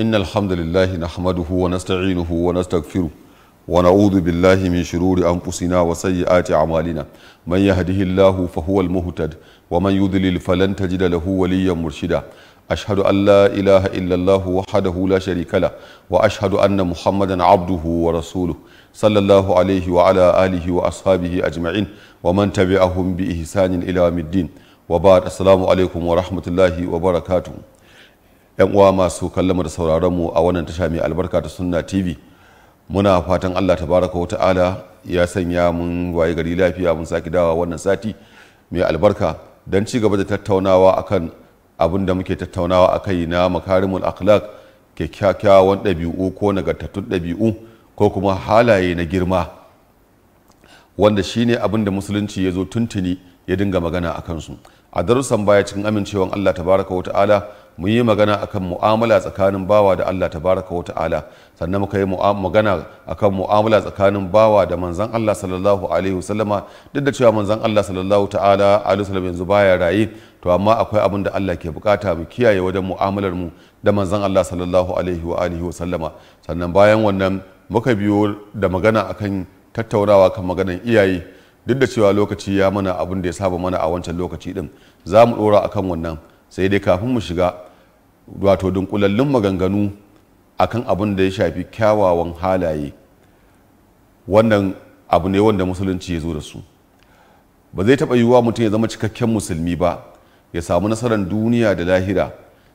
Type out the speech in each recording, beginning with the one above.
إن الحمد لله نحمده ونستعينه ونستغفره ونعوذ بالله من شرور أنفسنا وسيئات أعمالنا من يهده الله فهو المهتد ومن يضلل فلن تجد له وليا مرشدا أشهد أن لا إله إلا الله وحده لا شريك له وأشهد أن محمدا عبده ورسوله صلى الله عليه وعلى آله وأصحابه أجمعين ومن تبعهم بإحسان إلى يوم الدين وبعد السلام عليكم ورحمة الله وبركاته ‘Yan uwa masu kallon da sauraron mu a wannan tasha mai albarka ta Sunna TV. muna fatan allah tabaraka wa ta'ala ya sanya mun waye gari lafiya mun saki dawa wannan sati mai albarka don ci gaba da tattaunawa akan abin da muke tattaunawa a kai na makarimul akhlaq kyakkyawan ɗabi'u ko nagartattun ɗabi'u ko kuma halaye na girma wanda shine abin da musulunci ya zo tuntuni ya dinga magana a kansu a darussan baya cikin amincewan allah tabaraka wa ta'ala Mun yi magana akan mu'amala tsakanin bawa da Allah tabaraka wa ta'ala sannan muka yi magana akan mu'amala tsakanin bawa da manzan Allah sallallahu alaihi wasallama duk da cewa manzan Allah sallallahu ta'ala alaihi wasallam yanzu baya raye to amma akwai abin da Allah ke bukata mu kiyaye wajen mu'amalar mu da manzan Allah sallallahu alaihi wa alihi wasallama sannan bayan wannan muka biyo da magana akan tattaunawa kan maganan iyaye duk da cewa lokaci ya mana abin da ya saba mana a wancan lokaci din za mu dora akan wannan sai dai kafin mu shiga wato dunkulallun maganganu akan abin da ya shafi kyawawan halaye wannan abu ne wanda musulunci ya zo da su ba zai taɓa yiwuwa mutum ya zama cikakken musulmi ba ya samu nasarar duniya da lahira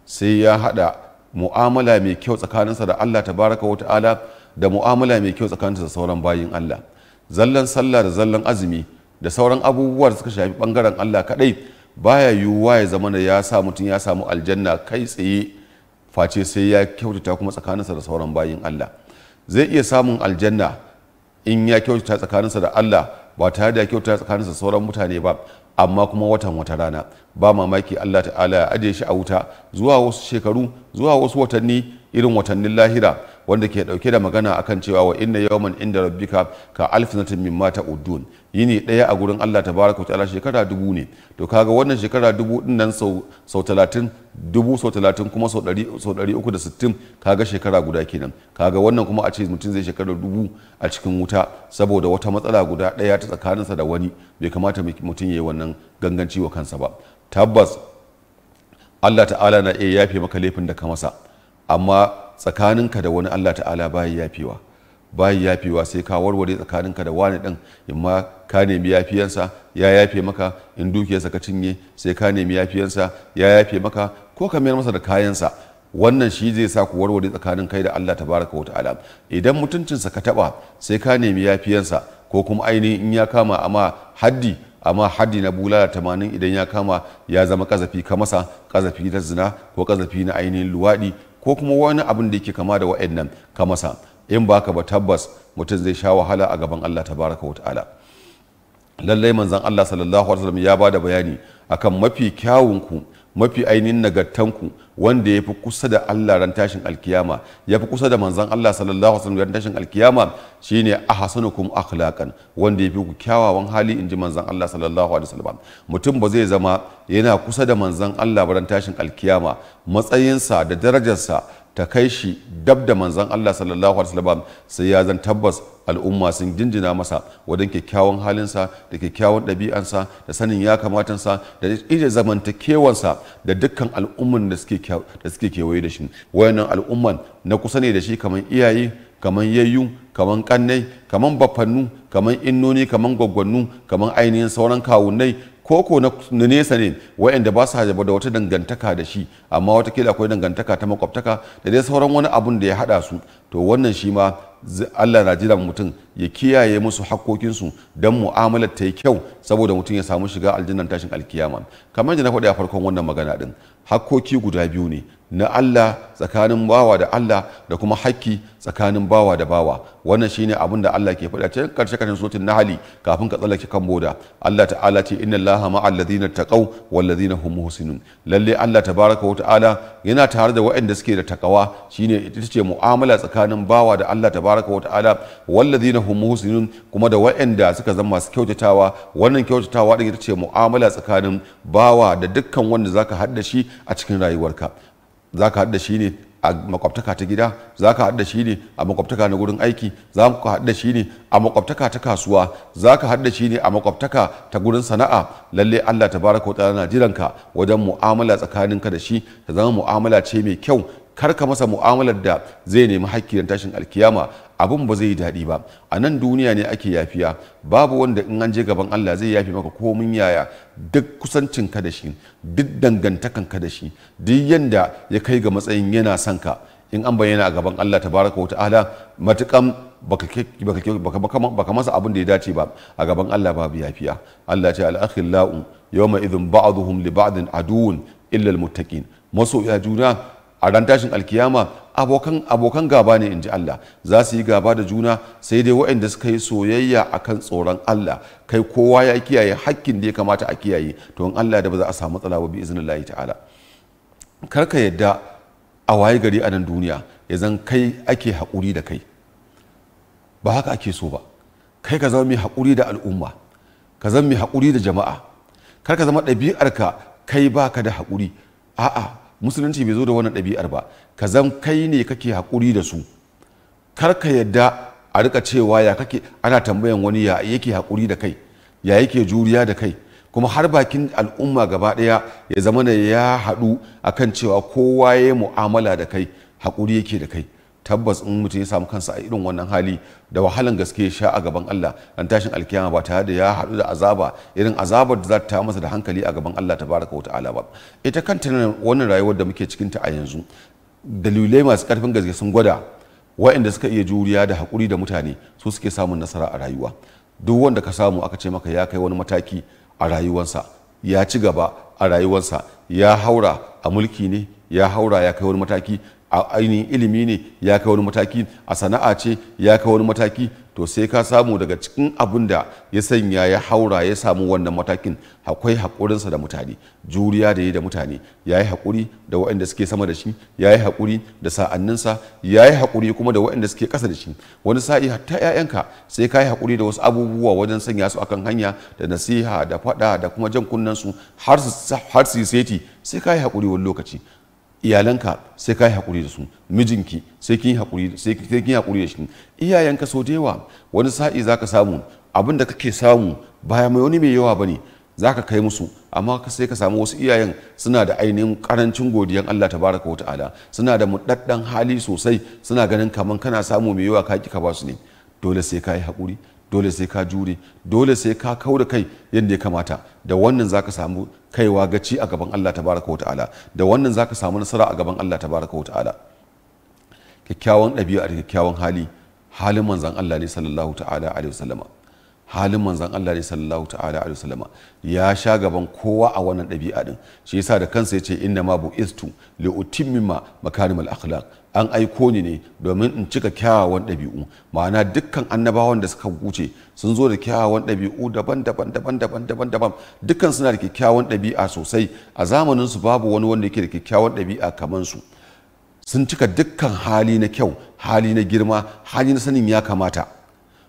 sai ya haɗa mu'amala mai kyau tsakaninsa da Allah Ta baraka wa ta'ala da mu'amala mai kyau tsakaninsa da sauran bayin Allah zallan sallah da zallan azumi da sauran abubuwa da suka shafi bangaren Allah kaɗai baya yiwuwa ya zama da ya sa mutum ya samu aljanna kai tsaye face sai ya kyautata kuma tsakaninsa da sauran bayin Allah zai iya samun aljanna in ya kyautata tsakaninsa da Allah ba tare da ya kyautata tsakaninsa da sauran mutane ba amma kuma watan wata rana ba mamaki Allah ta'ala ya ajiye shi a wuta zuwa wasu shekaru zuwa wasu watanni irin watannin lahira wanda ke dauke da magana akan cewa wa inna yawman inda rabbika ka alfinatin udun yi yini daya a gurin Allah tabaraka wa ta'ala shekara dubu ne to kaga wannan shekara dubu din nan sau sau 30 dubu sau 30 kuma sau 100 sau 360 kaga shekara guda kenan kaga wannan kuma a ce mutum zai shekara dubu a cikin wuta saboda wata matsala guda daya ta tsakaninsa da wani bai kamata mutum ya yi wannan ganganci wa kansa ba tabbas Allah ta'ala na iya yafe maka laifin da ka masa amma tsakaninka da wani Allah ta'ala bayi yafiwa bayi yafiwa sai ka warware tsakaninka da wani din in ma ka nemi yafiyansa ya yafe maka in dukiyarsa ka cinye sai ka nemi yafiyansa ya yafe maka ko ka mayar masa da kayansa wannan shi zai sa ku warware tsakanin kai da Allah tabaraka wata'ala idan mutuncinsa ka taɓa sai ka nemi yafiyansa ko kuma ainihin in ya kama amma haddi amma haddi na bulala tamanin idan ya kama ya zama kazafi ka masa kazafi na zina ko kazafi na ainihin luwaɗi ko kuma wani abin da yake kama da wa'annan ka masa in baka ba tabbas mutum zai sha wahala a gaban Allah tabaraka wata'ala lallai manzon Allah sallallahu alaihi wasallam ya bada bayani akan mafi kyawun ku mafi ainihin nagartanku wanda ya fi kusa da Allah ran tashin alkiyama ya fi kusa da manzan Allah sallallahu alaihi wasallam ran tashin alkiyama shine ahsanukum akhlaqan wanda ya fi ku kyawawan hali in ji manzan Allah sallallahu alaihi wasallam mutum ba zai zama yana kusa da manzan Allah ran tashin alkiyama matsayinsa da darajarsa ta kai shi dab da manzan Allah sallallahu alaihi wasallam sai ya zan tabbas al'umma sun jinjina masa wajen kyakkyawan halinsa da kyakkyawan ɗabi'ansa da sanin ya kamatansa da ije zamantakewansa da dukkan al'umman da suke kewaye da shi wayannan al'umman na kusa ne da shi kamar iyaye kamar yayyu kamar kannai kamar bafannu kamar innoni kamar gwaggwannu kamar ainihin sauran kawunnai koko na nesa ne wayanda ba su hajaba da wata dangantaka da shi amma watakila akwai dangantaka ta makwabtaka da dai sauran wani abun da ya hada su to wannan shi ma Allah na jiran mutum ya kiyaye musu hakkokinsu don mu'amalar ta yi kyau saboda mutum ya samu shiga aljinnan tashin alkiyama kamar da na faɗi a farkon wannan magana ɗin hakkoki guda biyu ne na Allah tsakanin bawa da Allah da kuma hakki tsakanin bawa da bawa wannan shine abin da Allah ke faɗa cikin karshe karshen sotin na hali kafin ka tsallake kan boda Allah ta'ala ce inna Allah ma'a ladina taqaw wal ladina hum muhsinun lalle Allah tabaraka wa ta'ala yana tare da waɗanda suke da takawa shine ita ce mu'amala tsakanin bawa da Allah tabaraka tabaraka wa ta'ala walladhina hum muhsinun kuma da wa'anda suka zama masu kyautatawa wannan kyautatawa din ita ce mu'amala tsakanin bawa da dukkan wanda zaka hadda shi a cikin rayuwarka zaka hadda shi ne a makwabtaka ta gida za ka haɗa shi ne a makwabtaka na gurin aiki za ka shi ne a makwabtaka ta kasuwa za ka haɗa shi ne a makwabtaka ta gurin sana'a lalle Allah ta baraka wa na jiranka wajen mu'amala tsakaninka da shi ta zama mu'amala ce mai kyau kar ka masa mu'amalar da zai nemi hakki tashin alkiyama abin ba zai yi daɗi ba a nan duniya ne ake yafiya babu wanda in an je gaban Allah zai yafi maka komin yaya duk kusancin ka da shi duk dangantakan ka da shi duk yanda ya kai ga matsayin yana son ka in an bayyana a gaban Allah tabaraka wa ta'ala matukan baka masa abin da ya dace ba a gaban Allah babu yafiya Allah ce al-akhillau yawma idhin ba'dhum li ba'din adu'un illa al-muttaqin ya juna a ran tashin alkiyama abokan abokan gaba ne in ji Allah za su yi gaba da juna sai dai waɗanda suka yi soyayya akan tsoron Allah kai kowa ya kiyaye hakkin da ya kamata a kiyaye to in Allah da ba za a samu matsala ba bi iznillahi ta'ala karka yadda a waye gari a nan duniya ya zan kai ake haƙuri da kai ba haka ake so ba kai ka zama mai haƙuri da al'umma ka zama mai haƙuri da jama'a kar ka zama ɗabi'arka kai baka da haƙuri a'a musulunci bai zo da wannan ɗabi'ar ba ka zan kai ne kake haƙuri da su kar ka yadda a rika cewa ya kake ana tambayan wani ya yake haƙuri da kai ya yake juriya da kai kuma har bakin al'umma gaba ɗaya ya zama ya haɗu akan cewa kowa ya mu'amala da kai haƙuri yake da kai tabbas in mutum ya samu kansa a irin wannan hali da wahalan gaske ya sha a gaban Allah an tashin alkiyama ba tare da ya haɗu da azaba irin azabar da za ta masa da hankali a gaban Allah ta wata ala ba ita kanta wannan rayuwar da muke cikin ta a yanzu dalilai masu karfin gaske sun gwada waɗanda suka iya juriya da haƙuri da mutane su suke samun nasara a rayuwa duk wanda ka samu aka ce maka ya kai wani mataki a rayuwarsa ya ci gaba a rayuwarsa ya haura a mulki ne ya haura ya kai wani mataki a ainihin ilimi ne ya kai wani mataki a sana'a ce ya kai wani mataki to sai ka samu daga cikin abin da ya sanya ya haura ya samu wannan matakin akwai haƙurinsa da mutane juriya da yi da mutane ya yi haƙuri da waɗanda suke sama da shi ya yi haƙuri da sa'anninsa ya yi haƙuri kuma da waɗanda suke ƙasa da shi wani sa'i hatta 'ya'yanka sai ka yi haƙuri da wasu abubuwa wajen sanya su akan hanya da nasiha da faɗa da kuma jan kunnen har su yi seti sai ka yi haƙuri wani lokaci iyalanka sai ka yi haƙuri da su mijinki sai kin yi haƙuri da shi iyayenka sau da wani sa'i za ka samu abin da kake samu baya mai wani mai yawa ba ne za ka kai musu amma sai ka samu wasu iyayen suna da ainihin ƙarancin godiyan Allah ta baraka wa ta'ala suna da mudaddan hali sosai suna ganin kaman kana samu mai yawa ka ki ka ba su ne dole sai ka yi haƙuri dole sai ka jure dole sai ka kau da kai yadda ya kamata da wannan zaka samu kaiwa gaci a gaban Allah tabaraka wa ta'ala da wannan zaka samu nasara a gaban Allah tabaraka wa ta'ala kyakkyawan ɗabi'a da kyakkyawan hali halin manzan Allah ne sallallahu ta'ala alaihi wasallama halin manzan Allah ne sallallahu ta'ala alaihi wasallama ya sha gaban kowa a wannan ɗabi'a din shi yasa da kansa ya yace inna ma istu li utammima makarim al akhlaq an aiko ni ne domin in cika kyawawan ɗabi'u ma'ana dukkan annabawan da suka wuce sun zo da kyawawan ɗabi'u daban-daban daban-daban daban-daban dukkan suna da kyakkyawan ɗabi'a sosai a zamanin su babu wani wanda yake da kyakkyawan ɗabi'a kamar su sun cika dukkan hali na kyau hali na girma hali na sanin ya kamata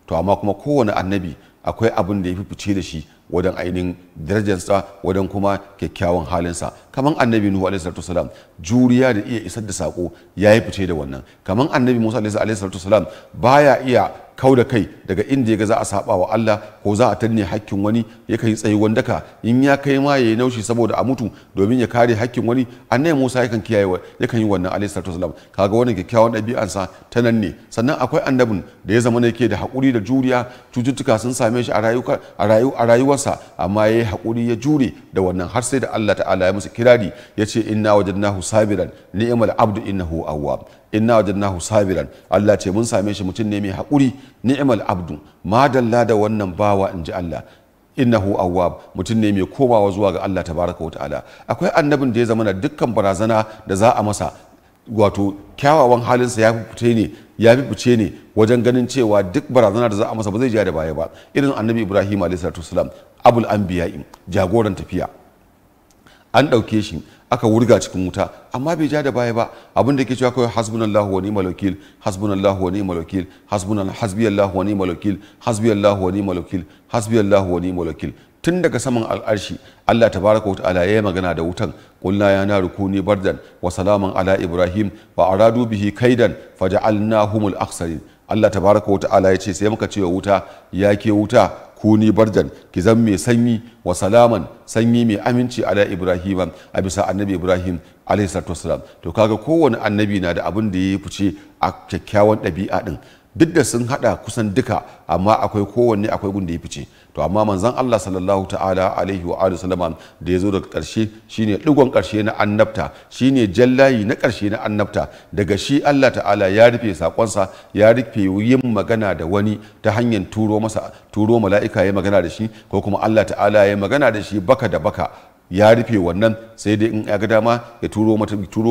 to amma kuma kowane annabi akwai abin da ya fi fice da shi wajen ainihin darajarsa wajen kuma kyakkyawan halinsa kamar annabi nuhu alaihi salatu wasalam juriya da iya isar da sako ya yi fice da wannan kamar annabi musa alaihi salatu wasalam baya iya kau da kai daga inda ya ga za a saba wa Allah ko za a tanne hakkin wani ya kai tsayi wanda ka in ya kai ma ya yi naushi saboda a mutu domin ya kare hakkin wani annabi Musa ya kan kiyaye ya kan yi wannan alayhi salatu wasalam kaga wannan kyakkyawan ɗabi'ansa ta nan ne sannan akwai annabin da ya zama yake da haƙuri da juriya cututtuka sun same shi a rayu a rayuwarsa amma ya yi haƙuri ya jure da wannan har sai da Allah ta'ala ya masa kirari ya ce inna wajadnahu sabiran ni'mal abdu innahu awwab inna wajadnahu sabiran Allah ce mun same shi mutum ne mai haƙuri ni'mal abdu ma madalla da wannan bawa in ji Allah innahu awwab mutum ne mai komawa zuwa ga Allah tabaraka wa ta'ala akwai annabin da ya zama dukkan barazana da za a masa wato kyawawan halinsa ya fice ne ya fice ne wajen ganin cewa duk barazana da za a masa ba zai jiya da baya ba irin annabi ibrahim alaihi salatu wasalam abul anbiya'i jagoran tafiya an ɗauke shi aka wurga cikin wuta amma bai ja da baya ba abin da ke cewa kawai hasbunallahu wa ni'mal wakil hasbunallahu wa ni'mal wakil hasbunan hasbiyallahu wa ni'mal wakil hasbiyallahu wa ni'mal wakil hasbiyallahu wa ni'mal wakil tun daga saman al'arshi Allah tabaraka wa ta'ala yayi magana da wutan qulna ya na rukuni bardan wa salaman ala ibrahim wa aradu bihi kaidan faja'alnahumul aksarin Allah tabaraka wa ta'ala ya ce sai muka ce wa wuta ya ke wuta kuni Barjan, ki zan mai sanyi wa salaman sanyi mai aminci ala ibrahim a bisa annabi ibrahim alaihissalatu to kaga kowane annabi na da abin da ya yi fice a kyakkyawan ɗabi'a ɗin, duk da sun haɗa kusan duka amma akwai kowanne akwai gun da ya fice to amma manzan Allah sallallahu ta'ala alaihi wa sallama da ya zo daga ƙarshe shine digon ƙarshe na annabta shine jallayi na ƙarshe na annabta daga shi Allah ta'ala ya rufe saƙonsa ya rufe yin magana da wani ta hanyar turo masa turo mala'ika ya magana da shi ko kuma Allah ta'ala ya magana da shi baka da baka ya rufe wannan sai dai in ya ga dama ya turo wa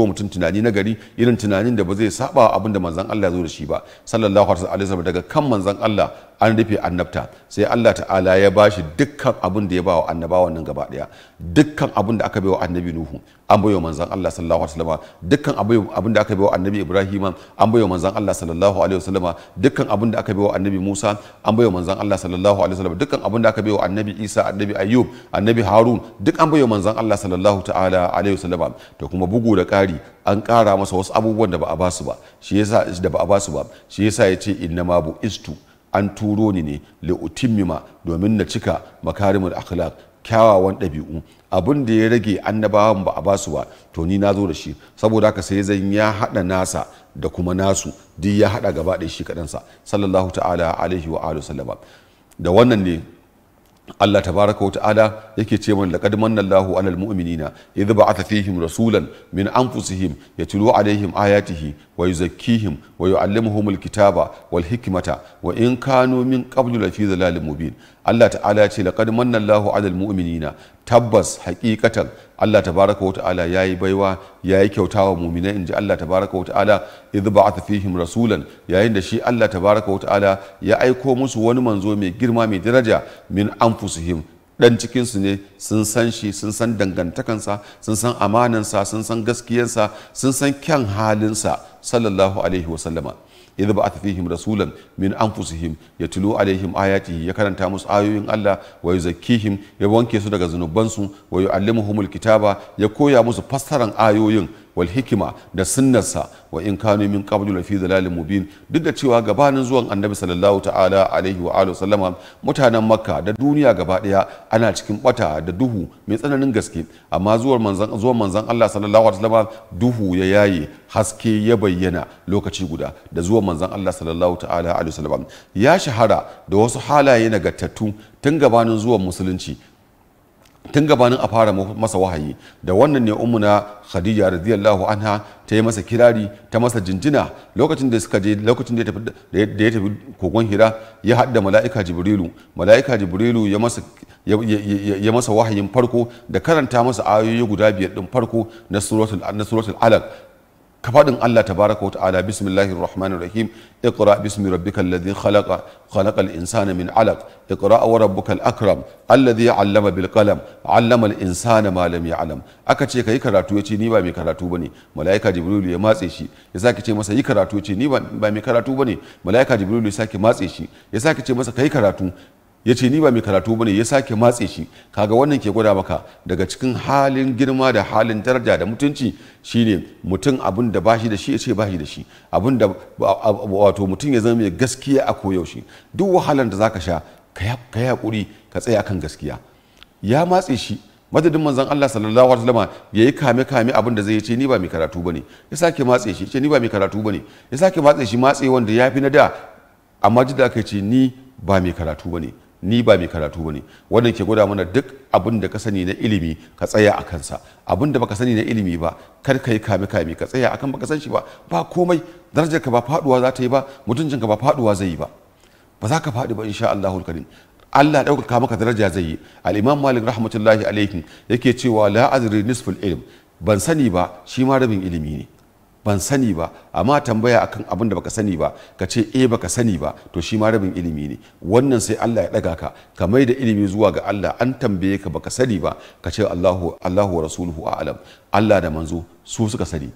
mutum tunani na gari irin tunanin da ba zai saba abin da manzan Allah zo da shi ba sallallahu alaihi wasallam daga kan manzan Allah an rufe annabta sai Allah ta'ala ya bashi dukkan abin da ya bawa annabawan nan gaba daya dukkan abin da aka baiwa annabi Nuhu an baiwa manzan Allah sallallahu alaihi wasallam dukkan abin da aka baiwa annabi Ibrahim an baiwa manzan Allah sallallahu alaihi wasallam dukkan abin da aka baiwa annabi Musa an baiwa manzan Allah sallallahu alaihi wasallam dukkan abin da aka baiwa annabi Isa annabi Ayyub annabi Harun duk an baiwa manzan Allah sallallahu ta'ala alaihi wasallama to kuma bugu da ƙari an ƙara masa wasu abubuwan da ba a basu ba shi yasa da ba a basu ba shi yasa yace innama bu istu an turo ni ne li'utimmima domin na cika makarimul akhlaq kyawawan ɗabi'u abin da ya rage annabawan ba a basu ba to ni na zo da shi saboda haka sai zan ya haɗa nasa da kuma nasu duk ya haɗa gaba ɗaya shi kaɗansa sallallahu ta'ala alaihi wa alihi wasallama da wannan ne Allah tabaraka wa ta'ala yake ce mana laqad manna Allahu 'alal mu'minina idh ba'atha fihim rasulan min anfusihim yatlu 'alayhim ayatihi wa yuzakkihim wa yu'allimuhumul kitaba wal hikmata wa in kanu min qablu lafi dhalalin mubin Allah ta'ala ya ce laqad manna Allahu 'alal mu'minina tabbas haqiqatan Allah tabaraka wa ta'ala yayi baiwa yayi kyautawa mu'minai inji Allah tabaraka wa ta'ala idh ba'atha rasulan yayin da shi Allah tabaraka wa ta'ala ya aiko musu wani manzo mai girma mai daraja min him. dan cikinsu ne sun san shi sun san dangantakansa sun san amanansa sun san gaskiyansa sun san kyan halinsa sallallahu alaihi wasallama idza ba'atha fihim rasulan min anfusihim yatlu alaihim ayatihi ya karanta musu ayoyin Allah wa yuzakkihim ya wanke su daga zunubansu wa yu'allimuhumul kitaba ya koya musu fassaran ayoyin wal hikima da sunnarsa wa in kanu min qablu la fi mubin duk da cewa gabanin zuwan annabi sallallahu ta'ala alaihi wa alihi sallama mutanen makka da duniya gaba daya ana cikin bata da duhu mai tsananin gaske amma zuwan manzon zuwan manzon Allah sallallahu alaihi sallama duhu ya yaye haske ya bayyana lokaci guda da zuwan manzon Allah sallallahu ta'ala alaihi sallama ya shahara da wasu halaye nagartattu tun gabanin zuwan musulunci tun gabanin a fara masa wahayi da wannan ne umuna khadija radiyallahu anha ta yi masa kirari ta masa jinjina lokacin da suka je lokacin da ya tafi kogon hira ya hada mala'ika jibrilu mala'ika jibrilu ya masa ya masa wahayin farko da karanta masa ayoyi guda biyar din farko na suratul alaq ka faɗin Allah tabaraka wata'ala bismillahir rahmanir rahim iqra bismi rabbikal ladhi khalaqa khalaqal insana min 'alaq iqra wa rabbukal akram alladhi 'allama bil qalam 'allama al insana malami lam aka ce kai karatu yace ni ba mai karatu bane malaika jibril ya matse shi ya sake ce masa yi karatu yace ni ba mai karatu bane malaika jibril ya sake matse shi ya ce masa karatu ya ce ni ba mai karatu bane ya sake matse shi kaga wannan ke gwada maka daga cikin halin girma da halin daraja da mutunci shine mutum abin da bashi da shi ya ce bashi da shi abin da wato mutum ya zama mai gaskiya a koyaushe duk wahalar da zaka sha ka yi hakuri ka tsaya akan gaskiya ya matse shi madadin manzon Allah sallallahu alaihi wasallam yayi kame kame abin da zai ce ni ba mai karatu bane ya sake matse shi ce ni ba mai karatu bane ya sake matse shi matse wanda yafi na da amma jida kai ce ni ba mai karatu bane ni ba mai karatu ba ne wannan ke gwada mana duk abin da ka sani na ilimi ka tsaya a kansa abin da baka sani na ilimi ba kar ka yi kame kame ka tsaya akan baka san shi ba ba komai darajar ka ba faduwa za ta yi ba mutuncin ka ba faduwa zai yi ba ba za ka faɗi ba insha Allahul Karim Allah ɗaukaka maka daraja zai yi al-Imam Malik rahmatullahi alayhi yake cewa la azri nisful ilm ban sani ba shi ma rabin ilimi ne ban sani ba amma tambaya akan abin da baka sani ba ka ce eh baka sani ba to shi ma rabin ilimi ne wannan sai Allah ya daga ka ka mai da ilimi zuwa ga Allah an tambaye ka baka sani ba ka ce Allahu Allahu wa rasuluhu a'lam Allah da manzo su suka sani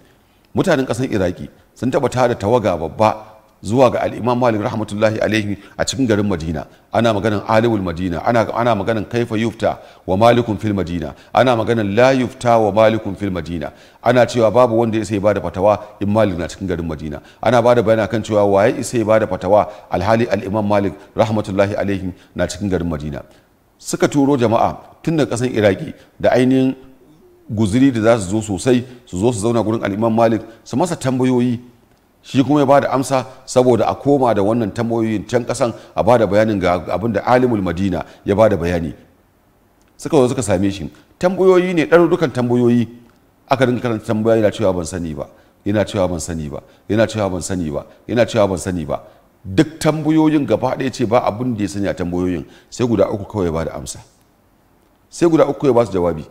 mutanen kasan Iraki sun taba da tawaga babba zuwa ga al'imam malik rahmatullahi alaihi a cikin garin madina ana maganin alibul madina ana, ana kaifa yufta wa malikun fil madina ana maganan la yufta wa malikun fil madina ana cewa babu wanda ya sai bada fatawa in malik na cikin garin madina ana bada bayana kan cewa waye isa ya bada fatawa alhali al'imam malik rahmatullahi alaihi na cikin garin madina suka turo jama'a tun da kasan iraki da ainihin Guziri da za su zo sosai su zo su zauna gurin al'imam malik su masa tambayoyi shi kuma ya ba da amsa saboda a koma da wannan tambayoyin can kasan a ba da bayanin ga abin da alimul madina ya ba da bayani suka zo suka same shi tambayoyi ne ɗarurrukan tambayoyi aka dinga karanta tambaya yana cewa ban sani ba yana cewa ban sani ba yana cewa ban sani ba yana cewa ban sani ba duk tambayoyin gaba ɗaya ce ba abin da ya sani a tambayoyin sai guda uku kawai ba da amsa sai guda uku ya ba su jawabi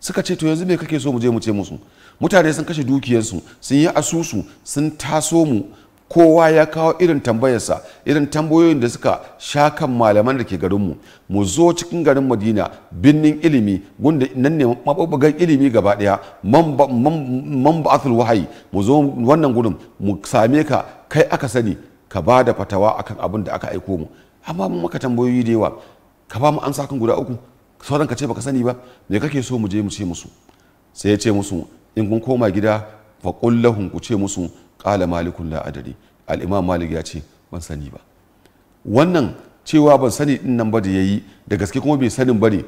suka ce to yanzu me kake so mu je mu ce musu mutane sun kashe dukiyarsu sun yi asusu sun taso mu kowa ya kawo irin tambayarsa irin tambayoyin da suka sha kan malaman da ke garinmu mu zo cikin garin madina birnin ilimi gunda nan ne mabubugan ilimi gaba ɗaya man wahayi mu zo wannan gudun, mu same ka kai aka sani ka ba da fatawa akan abin da aka aiko mu amma mun maka tambayoyi da yawa ka ba mu an kan guda uku sauran ka ce baka sani ba me kake so mu je mu ce musu sai ya ce musu in kun koma gida fa lahum ku ce musu qala malikun la adari malik ya ce ban sani ba wannan cewa ban sani din nan ba da yayi da gaske kuma bai sanin ba ne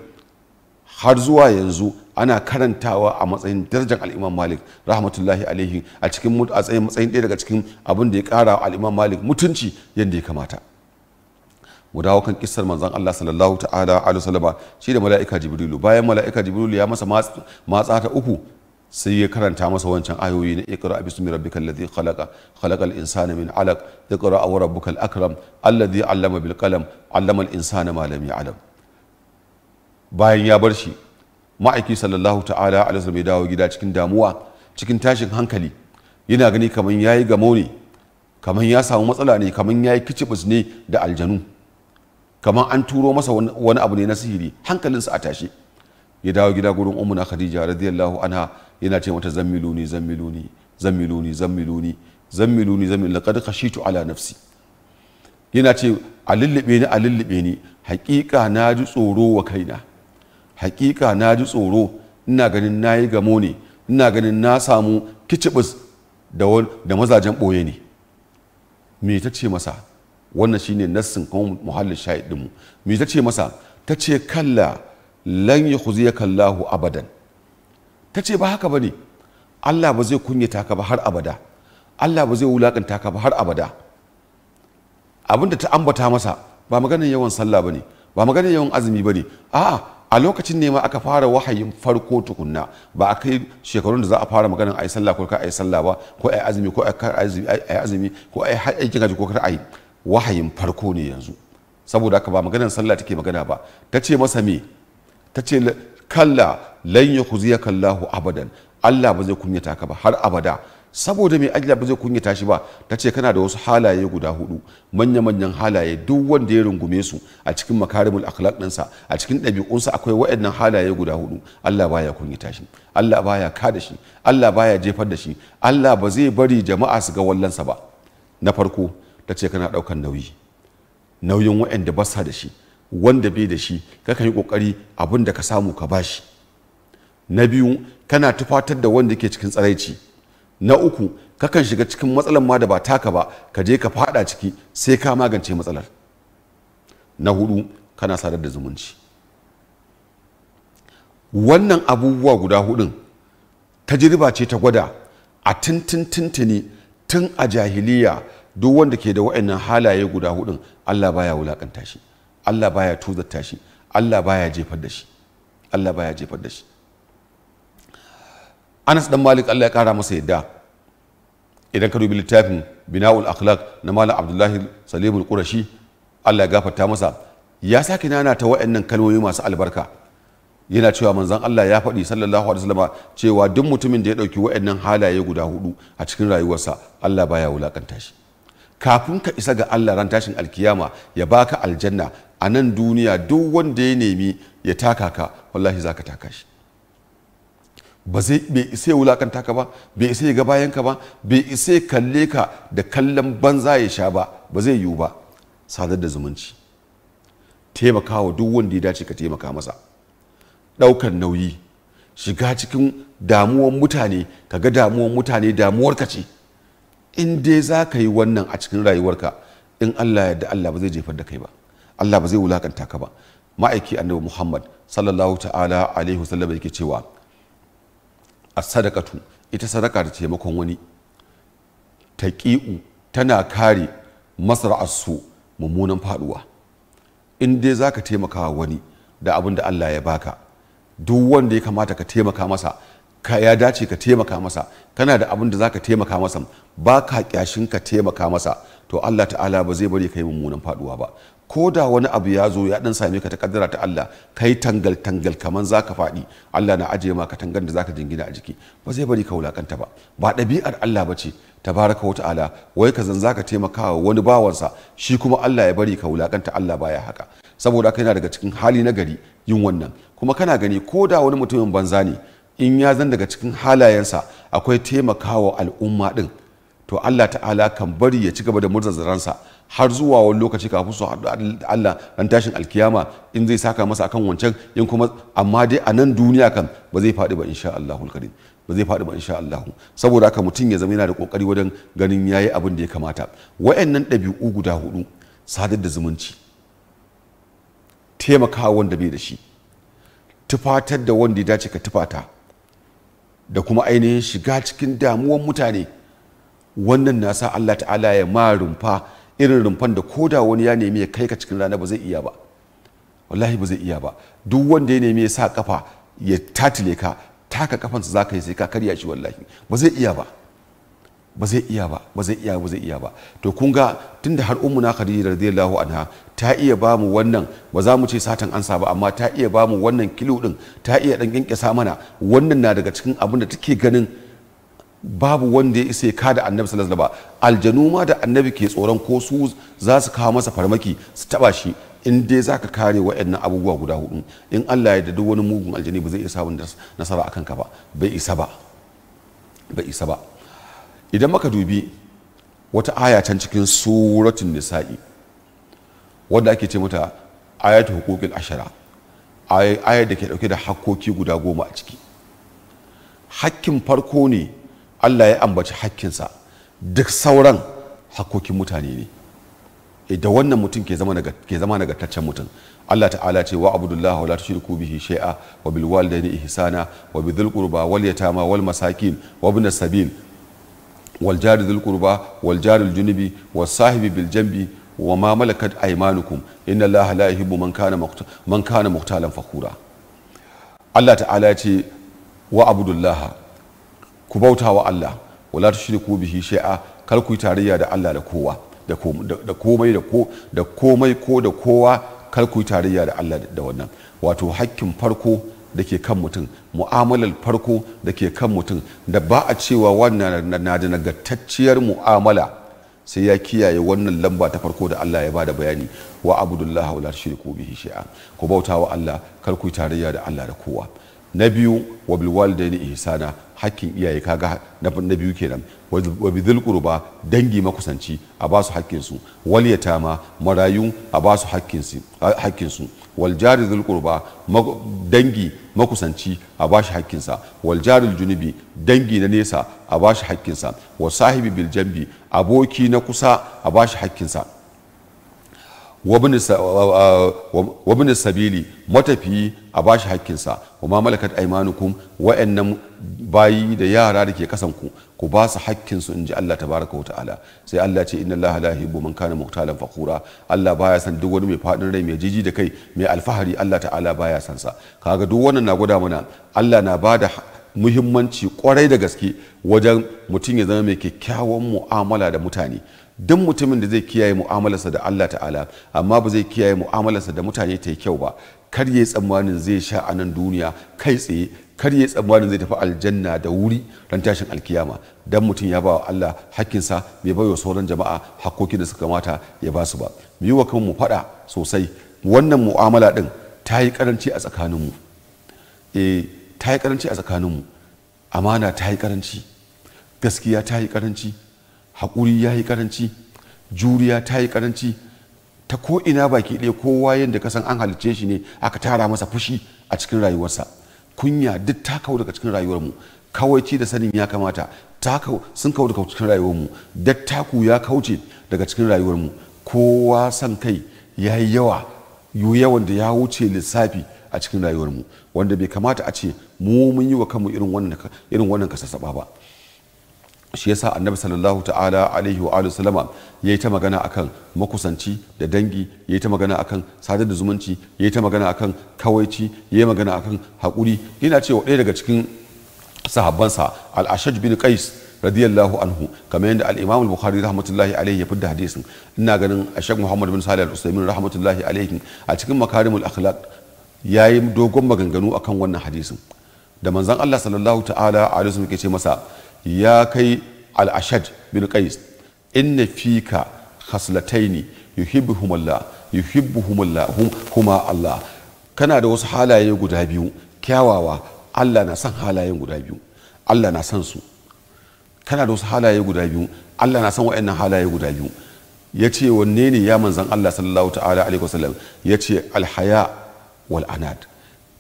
har zuwa yanzu ana karantawa a matsayin darajar al'imam malik rahmatullahi alaihi a cikin matsayin ɗaya daga cikin abin da ya kara al'imam malik mutunci yadda ya kamata mu dawo kan kissar manzon Allah sallallahu ta'ala alaihi wasallama shi da mala'ika jibrilu bayan mala'ika jibrilu ya masa matsa ta uku sai ya karanta masa wancan ayoyi na iqra bismi rabbikal ladhi khalaqa khalaqal insana min alaq iqra wa rabbukal akram alladhi allama bil qalam allama al insana ma lam ya'lam bayan ya bar shi ma'aiki sallallahu ta'ala alaihi wasallam ya dawo gida cikin damuwa cikin tashin hankali yana gani kaman yayi gamo ne kaman ya samu matsala ne kaman yayi kicibis ne da aljanu kamar an turo masa wani abu ne na sihiri hankalinsa a tashe ya dawo gida gurin ummu na khadija radiyallahu anha yana ce mata zammiluni zammiluni zammiluni zammiluni zammiluni zammiluni laqad khashitu ala nafsi yana ce a lullube ni a lullube ni hakika na ji tsoro wa kaina hakika na ji tsoro ina ganin na yi gamo ne ina ganin na samu kicibis da mazajen ɓoye ne me ta ce masa wannan shine nassin kuma muhallin shahid dinmu me ta ce masa ta ce kalla lan yukhziyaka Allahu abadan ta ce ba haka bane Allah ba zai kunyata ka ba har abada Allah ba zai wulakanta ka ba har abada abinda ta ambata masa ba maganin yawan sallah bane ba maganin yawan azumi bane a'a a lokacin ne ma aka fara wahayin farko tukunna ba a kai shekarun da za a fara maganin ayi sallah ko ka ayi sallah ba ko ayi azumi ko ayi azumi ko ayi aikin haji ko a ayi wahayin farko ne yanzu saboda haka ba maganar sallah take magana ba ta ce masa me ta ce kalla lan yukhziyaka kallahu abadan Allah ba zai kunyata ka ba har abada saboda mai Allah ba zai kunyata shi ba ta ce kana da wasu halaye guda hudu manya-manyan halaye duk wanda ya rungume su a cikin makarimul akhlaq ɗinsa a cikin ɗabi'unsa akwai waɗannan halaye guda hudu Allah baya kunyata shi Allah baya kada shi Allah baya jefar da shi Allah ba zai bari jama'a su ga wallansa ba na farko ta ce kana ɗaukan nauyi nauyin waɗanda ba sa da shi wanda bai da shi kakan yi ƙoƙari abin da ka samu ka bashi na biyu kana tufatar da wanda ke cikin tsaraici na uku kakan shiga cikin matsalar ma da ba taka ba ka je ka fada ciki sai ka magance matsalar na hudu kana sadar da zumunci wannan abubuwa guda hudun jirba ce ta gwada a tintin tun a jahiliya duk wanda ke da wa'annan halaye guda hudun Allah baya wulakanta shi Allah baya tuzarta shi Allah baya jefar da shi Allah baya jefar da shi Anas dan Malik Allah ya kara masa yadda idan ka dubi littafin Bina'ul Akhlaq na Malam Abdullahi Salimul Qurashi Allah ya gafarta masa ya sake nana ta wa'annan kalmomi masu albarka yana cewa manzon Allah ya faɗi sallallahu alaihi wasallam cewa duk mutumin da ya ɗauki wa'annan halaye guda hudu a cikin rayuwarsa Allah baya wulakanta shi kafin ka isa ga Allah ran tashin alkiyama ya baka aljanna a nan duniya duk wanda ya nemi ya taka ka wallahi za ka taka shi ba zai isa ya wulakanta ka ba bai isa ya ga bayan ka ba bai isa ya kalle ka da kallon banza ya sha ba ba zai yiwu ba sadar da zumunci taimakawa duk wanda ya dace ka taimaka masa ɗaukar nauyi shiga cikin damuwan mutane ka ga damuwan mutane damuwar ka ce in dai za ka yi wannan a cikin rayuwarka in Allah ya da Allah ba zai jefar da kai ba Allah ba zai wulakanta ka ba ma'aiki annabi Muhammad sallallahu ta'ala alaihi wasallam yake cewa a sadakatu, ita sadaka da taimakon wani taqi'u tana kare masar su mummunan faduwa in dai ka taimaka wani da abin da Allah ya baka duk wanda ya kamata ka taimaka masa ka ya dace ka taimaka masa kana da abin da za ka taimaka masa ba ka kyashin ka taimaka masa to Allah ta'ala ba zai bari ka yi mummunan faduwa ba ko da wani abu ya zo ya dan same ka ta kaddara ta Allah kai tangal tangal kaman za ka faɗi Allah na ajiye maka tangan da za ka jingina a jiki ba zai bari ka wulakanta ba ba ɗabi'ar Allah ba ce tabaraka wa ta'ala wai ka zan zaka taimakawa wani bawansa shi kuma Allah ya bari ka wulakanta Allah baya haka saboda kai yana daga cikin hali na gari yin wannan kuma kana gani ko da wani mutumin banza ne in ya zan daga cikin halayensa akwai taimakawa al'umma din to Allah ta'ala kan bari ya ci gaba da murzazzaransa har zuwa wani lokaci kafin su haɗu Allah ran tashin alkiyama in zai saka masa akan wancan in kuma amma dai a nan duniya kan ba zai faɗi ba insha karim ba zai faɗi ba insha Allah saboda haka mutum ya zama yana da kokari wajen ganin yayi abin da ya kamata wayannan ɗabi'u guda hudu sadar da zumunci taimakawa wanda bai da shi tufatar da wanda ya dace ka tufata da kuma ainihin shiga cikin damuwan mutane wannan na sa Allah ta'ala ya ma rumfa irin rumfan da koda wani ya nemi ya kai ka cikin rana ba zai iya ba wallahi ba zai iya ba duk wanda ya nemi ya sa kafa ya tatile ka taka kafansa za ka yi sai ka karya shi wallahi ba zai iya ba ba zai iya ba ba zai iya ba zai iya ba to kun ga tunda har ummu na khadija radiyallahu anha ta iya ba mu wannan ba za mu ce satan ansa ba amma ta iya ba mu wannan kilo din ta iya dan kinkisa mana wannan na daga cikin abin da take ganin babu wanda ya isa ka da annabi sallallahu alaihi wasallam aljanu ma da annabi ke tsoron ko su za su kawo masa farmaki su taba shi in dai za ka kare waɗannan abubuwa guda hudu in Allah ya da duk wani mugun aljani ba zai iya samun nasara akan ka ba bai isa ba bai isa ba idan maka dubi wata aya can cikin suratun nisa'i wadda ake ce mata ayat hukukin ashara ayat da ke dauke da hakkoki guda goma a ciki hakkin farko ne Allah ya ambaci hakkinsa duk sauran hakkokin mutane ne eh, da wannan mutum ke zama nagartaccen mutum Allah ta'ala ce wa abdullahi wa la tushriku bihi shay'a wa bil walidayni ihsana wa bi qurba wal yatama wal masakin wa ibn sabil wal jari dhil wal jari al junubi was sahibi bil wa ma malakat aymanukum inna allaha la yuhibbu man kana man kana muhtalan fakhura Allah ta'ala ya ce wa abudullaha ku bauta wa Allah wala tushriku bihi shay'a kar ku yi tarayya da Allah da kowa da komai da ko da komai ko da kowa kar ku yi tarayya da Allah da wannan wato hakkin farko da ke kan mutum mu'amalar farko da ke kan mutum da ba a cewa wannan na da nagatacciyar mu'amala sai ya kiyaye wannan lamba ta farko da Allah ya ba da bayani wa abudullah wa la tushriku bihi shay'a ku bauta wa Allah kar ku tarayya da Allah da kowa na biyu wa bil walidaini ihsana hakkin iyaye kaga na biyu kenan wa bi bidhil qurba dangi makusanci a ba su hakkin su wal yatama marayu a ba su hakkin su waljari jari dangi makusanci a bashi hakkinsa waljari jaril junubi dangi na nesa a bashi hakkinsa wa sahibi aboki na kusa a bashi hakkinsa Wa bin sabili matafiyi a bashi hakkinsa wa ma malakat aimanukum wa'annan bayi da yara da ke kasan ku ba su hakkinsu in ji Allah tabaraka wa ta'ala sai Allah ce inna Allah la yuhibbu man kana muhtalan fakura Allah baya san duk wani mai fadin rai mai jiji da kai mai alfahari Allah ta'ala baya san sa kaga duk wannan na gwada mana Allah na bada muhimmanci kwarai da gaske wajen mutum ya zama mai kyakkyawan mu'amala da mutane duk mutumin da zai kiyaye mu'amalarsa da Allah ta'ala amma ba zai kiyaye mu'amalarsa da mutane ta yi kyau ba kar ya tsammanin zai sha a nan duniya kai tsaye kar ya tsammanin zai tafi aljanna da wuri ran tashin alkiyama dan mutum ya bawa Allah hakkinsa bai baiwa sauran jama'a hakkokin da suka kamata ya ba su ba mu yi wa kanmu mu faɗa sosai wannan mu'amala din ta yi karanci a tsakaninmu eh ta yi karanci a tsakaninmu amana ta yi karanci gaskiya ta yi karanci haƙuri ya yi karanci juriya ta yi karanci ta ko ina baki ɗaya kowa yadda ka san an halicce shi ne aka tara masa fushi a cikin rayuwarsa kunya duk ta kawo daga cikin rayuwarmu kawaici da sanin ya kamata sun kawo daga cikin rayuwarmu dattaku ya kauce daga cikin rayuwarmu kowa san kai ya yi yawa yawan da ya wuce lissafi a cikin rayuwarmu wanda bai kamata a ce mu mun yi wa kanmu irin wannan kasasaba ba shi yasa annabi sallallahu ta'ala alaihi wa sallama ya yi ta magana akan makusanci da dangi ya yi ta magana akan sadar da zumunci ya yi ta magana akan kawaici ya yi magana akan haƙuri Ina cewa ɗaya daga cikin sahabbansa al-ashaj bin qais radiyallahu anhu kamar yadda al-imam al-bukhari rahmatullahi alaihi ya fidda hadisin ina ganin ashaq muhammad bin salih al-usaimin rahmatullahi alaihi a cikin makarimul akhlaq yayi dogon maganganu akan wannan hadisin da manzon Allah sallallahu ta'ala alaihi wasallam ke ce masa ya kai al-ashad bin qais inna fika khaslataini yuhibbuhumullah yuhibbuhumullah huma Allah kana da wasu halaye guda biyu kyawawa Allah na son halayen guda biyu Allah na son su kana da wasu halaye guda biyu Allah na son wa'annan halaye guda biyu ya ce wanne ne ya manzan Allah sallallahu ta'ala alaihi wasallam ya ce alhaya wal anad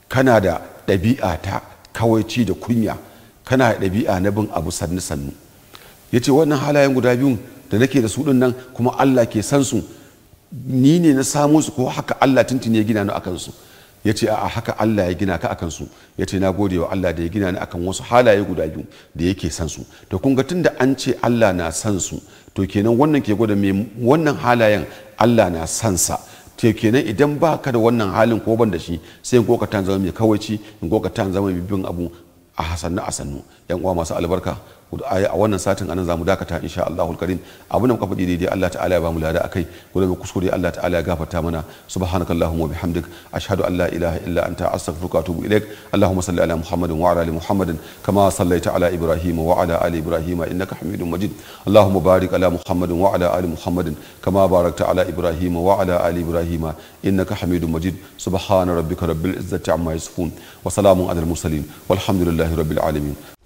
kana da ɗabi'a ta kawaici da kunya kana da ɗabi'a na bin abu sannu sannu ya ce wannan halayen guda biyun da nake da su ɗin nan kuma allah ke san su ni ne na samu su ko haka allah tuntun ya gina ni akan su ya ce a haka allah ya gina ka akan su ya ce na gode wa allah da ya gina ni akan wasu halaye guda biyu da yake san su to kun ga tunda an ce allah na san su to kenan wannan ke gwada mai wannan halayen allah na san sa to kenan idan ba ka da wannan halin ko ban da shi sai in kokata zama mai kawaici in kokata zama mai bin abu a hasannu a sannu yan uwa masu albarka a wannan satin anan zamu dakata insha Allahul Karim abin da muka faɗi daidai Allah ta'ala ya bamu lada akai gudu mu kuskure Allah ta'ala ya gafarta mana subhanakallahumma wa bihamdik ashhadu an la ilaha illa anta astaghfiruka wa atubu ilaik allahumma salli ala muhammadin wa ala ali muhammadin kama sallaita ala ibrahim wa ala ali ibrahim innaka hamidum majid allahumma barik ala muhammadin wa ala ali muhammadin kama barakta ala ibrahim wa ala ali ibrahim innaka hamidum majid subhana rabbika rabbil izzati amma yasifun wa salamun ala al mursalin والحمد لله رب